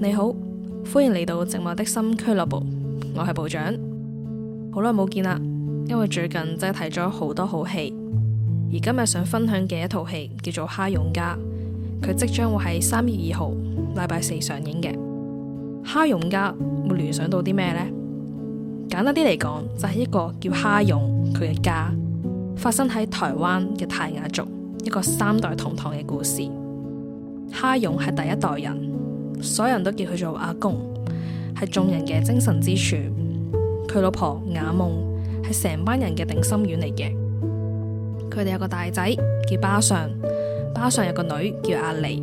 你好，歡迎嚟到寂寞的心俱樂部，我係部長，好耐冇見啦，因為最近真係睇咗好多好戲，而今日想分享嘅一套戲叫做《哈勇家》，佢即將會喺三月二號禮拜四上映嘅《哈勇家》會聯想到啲咩呢？簡單啲嚟講，就係一個叫哈勇佢嘅家，發生喺台灣嘅泰雅族一個三代同堂嘅故事。哈勇係第一代人。所有人都叫佢做阿公，係眾人嘅精神支柱。佢老婆雅夢係成班人嘅定心丸嚟嘅。佢哋有個大仔叫巴尚，巴尚有個女叫阿麗，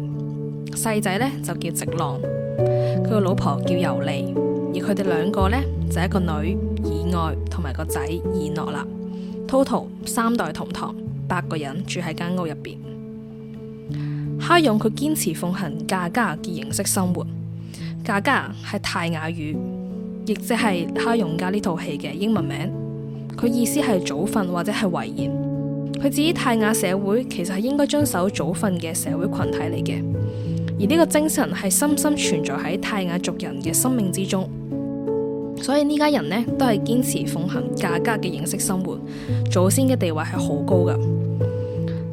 細仔呢就叫直浪。佢個老婆叫尤麗，而佢哋兩個呢就係、一個女以愛同埋個仔以諾啦。total 三代同堂，八個人住喺間屋入邊。哈勇佢堅持奉行 Gaga 嘅形式生活。Gaga 係泰雅語，亦即係哈勇家呢套戲嘅英文名。佢意思係祖訓或者係遺言。佢指泰雅社會其實係應該遵守祖訓嘅社會群體嚟嘅，而呢個精神係深深存在喺泰雅族人嘅生命之中。所以呢家人呢，都係堅持奉行 Gaga 嘅形式生活。祖先嘅地位係好高㗎，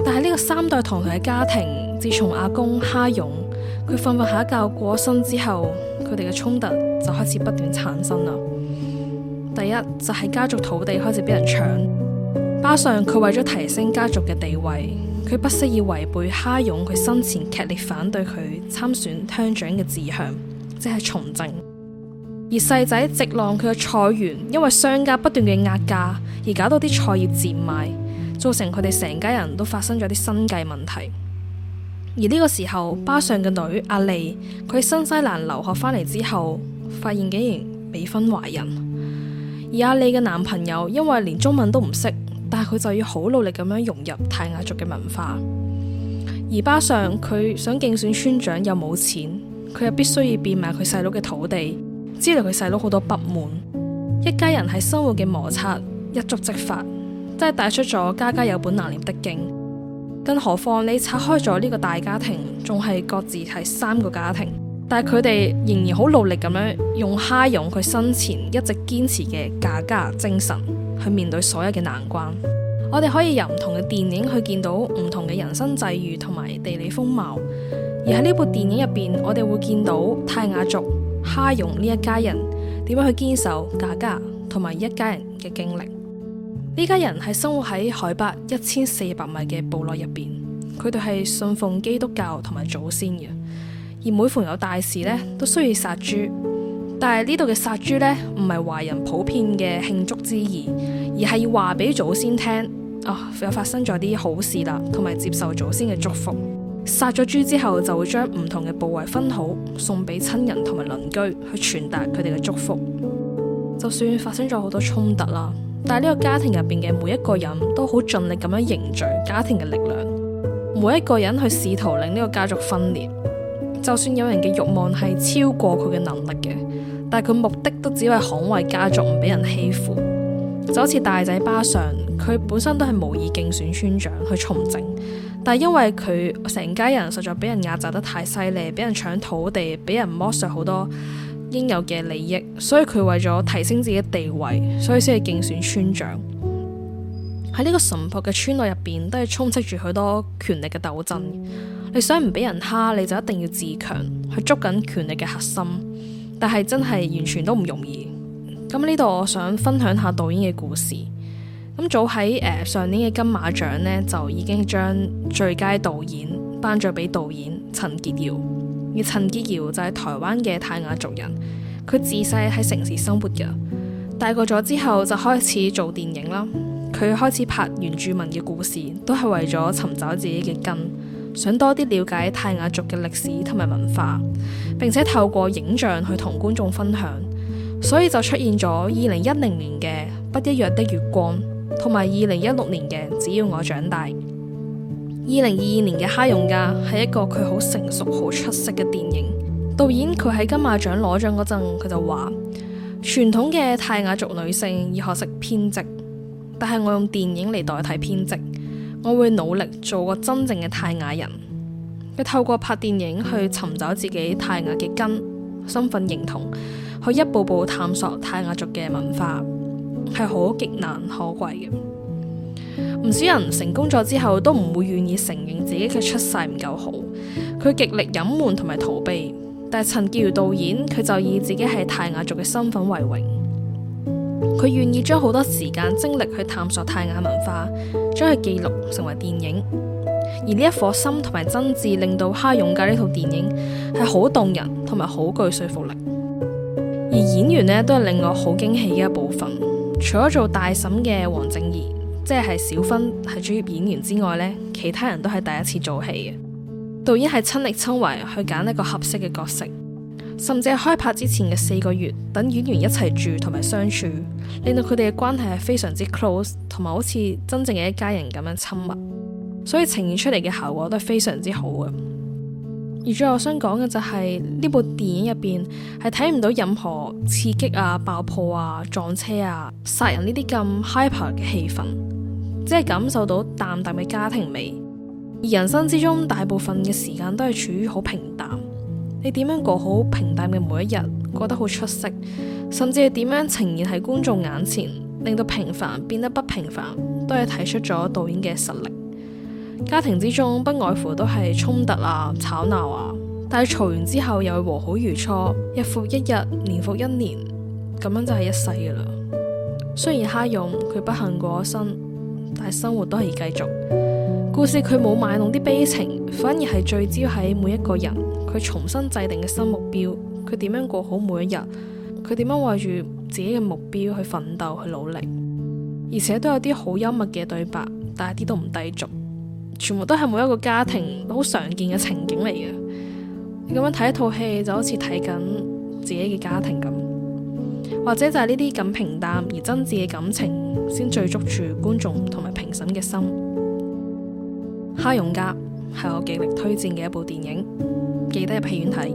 但係呢個三代同堂嘅家庭，自從阿公蝦勇佢瞓瞓下一覺過身之後，佢哋嘅衝突就開始不斷產生啦。第一就係、是、家族土地開始俾人搶，巴尚佢為咗提升家族嘅地位，佢不惜以違背哈勇佢生前劇烈反對佢參選鄉長嘅志向，即係從政。而細仔直浪佢嘅菜園，因為商家不斷嘅壓價而搞到啲菜葉賤賣，造成佢哋成家人都發生咗啲生計問題。而呢個時候，巴上嘅女阿莉，佢新西蘭留學返嚟之後，發現竟然未婚懷孕。而阿莉嘅男朋友因為連中文都唔識，但係佢就要好努力咁樣融入泰雅族嘅文化。而巴上佢想競選村長又冇錢，佢又必須要變賣佢細佬嘅土地，知道佢細佬好多不滿。一家人喺生活嘅摩擦一觸即發，真係帶出咗家家有本難念的經。更何況你拆開咗呢個大家庭，仲係各自係三個家庭，但係佢哋仍然好努力咁樣用哈勇佢生前一直堅持嘅 gaga 精神去面對所有嘅難關。我哋可以由唔同嘅電影去見到唔同嘅人生際遇同埋地理風貌，而喺呢部電影入面，我哋會見到泰雅族哈勇呢一家人點樣去堅守 gaga 同埋一家人嘅經歷。呢家人係生活喺海拔一千四百米嘅部落入邊，佢哋係信奉基督教同埋祖先嘅。而每逢有大事呢，都需要殺豬。但係呢度嘅殺豬呢，唔係華人普遍嘅慶祝之意，而係要話俾祖先聽，啊，有發生咗啲好事啦，同埋接受祖先嘅祝福。殺咗豬之後，就會將唔同嘅部位分好，送俾親人同埋鄰居去傳達佢哋嘅祝福。就算發生咗好多衝突啦。但係呢個家庭入邊嘅每一個人都好盡力咁樣凝聚家庭嘅力量，每一個人去試圖令呢個家族分裂。就算有人嘅慾望係超過佢嘅能力嘅，但係佢目的都只係捍衛家族唔俾人欺負。就好似大仔巴尚，佢本身都係無意競選村長去從政，但係因為佢成家人實在俾人壓榨得太犀利，俾人搶土地，俾人剝削好多應有嘅利益，所以佢為咗提升自己地位，所以先係競選村長。喺呢個淳朴嘅村落入邊，都係充斥住許多權力嘅鬥爭。你想唔俾人蝦，你就一定要自強，去捉緊權力嘅核心。但係真係完全都唔容易。咁呢度我想分享下導演嘅故事。咁早喺誒、呃、上年嘅金馬獎呢，就已經將最佳導演頒咗俾導演陳潔瑤。而陳潔瑤就係台灣嘅泰雅族人，佢自細喺城市生活㗎，大個咗之後就開始做電影啦。佢開始拍原住民嘅故事，都係為咗尋找自己嘅根，想多啲了解泰雅族嘅歷史同埋文化，並且透過影像去同觀眾分享。所以就出現咗二零一零年嘅《不一樣的月光》，同埋二零一六年嘅《只要我長大》。二零二二年嘅《哈勇家》，係一個佢好成熟、好出色嘅電影。導演佢喺金馬獎攞獎嗰陣，佢就話：傳統嘅泰雅族女性要學識編織，但係我用電影嚟代替編織。我會努力做個真正嘅泰雅人。佢透過拍電影去尋找自己泰雅嘅根、身份認同，去一步步探索泰雅族嘅文化，係好極難可貴嘅。唔少人成功咗之後都唔會願意承認自己嘅出世唔夠好，佢極力隱瞞同埋逃避。但係陳潔瑤導演佢就以自己係泰雅族嘅身份為榮，佢願意將好多時間精力去探索泰雅文化，將佢記錄成為電影。而呢一顆心同埋真摯，令到《哈勇家》呢套電影係好動人同埋好具說服力。而演員呢，都係令我好驚喜嘅一部分，除咗做大嬸嘅黃靜怡，即係小芬係主要演員之外咧，其他人都係第一次做戲嘅。導演係親力親為去揀一個合適嘅角色，甚至係開拍之前嘅四個月，等演員一齊住同埋相處，令到佢哋嘅關係係非常之 close，同埋好似真正嘅一家人咁樣親密。所以呈現出嚟嘅效果都係非常之好嘅。而最後我想講嘅就係，呢部電影入邊係睇唔到任何刺激啊、爆破啊、撞車啊、殺人呢啲咁 hyper 嘅氣氛。即係感受到淡淡嘅家庭味，而人生之中大部分嘅時間都係處於好平淡。你點樣過好平淡嘅每一日，過得好出色，甚至係點樣呈現喺觀眾眼前，令到平凡變得不平凡，都係睇出咗導演嘅實力。家庭之中不外乎都係衝突啊、吵鬧啊，但係嘈完之後又會和好如初，日復一日，年復一年，咁樣就係一世㗎喇。雖然哈勇佢不幸過咗身。但係生活都係繼續，故事佢冇賣弄啲悲情，反而係聚焦喺每一個人，佢重新製定嘅新目標，佢點樣過好每一日，佢點樣為住自己嘅目標去奮鬥去努力，而且都有啲好幽默嘅對白，但係啲都唔低俗，全部都係每一個家庭都好常見嘅情景嚟嘅。你咁樣睇一套戲就好似睇緊自己嘅家庭咁，或者就係呢啲咁平淡而真摯嘅感情。先最捉住觀眾同埋評審嘅心，《哈勇家》係我極力推薦嘅一部電影，記得入戲院睇。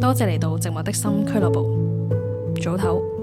多謝嚟到《寂寞的心》俱樂部，早唞。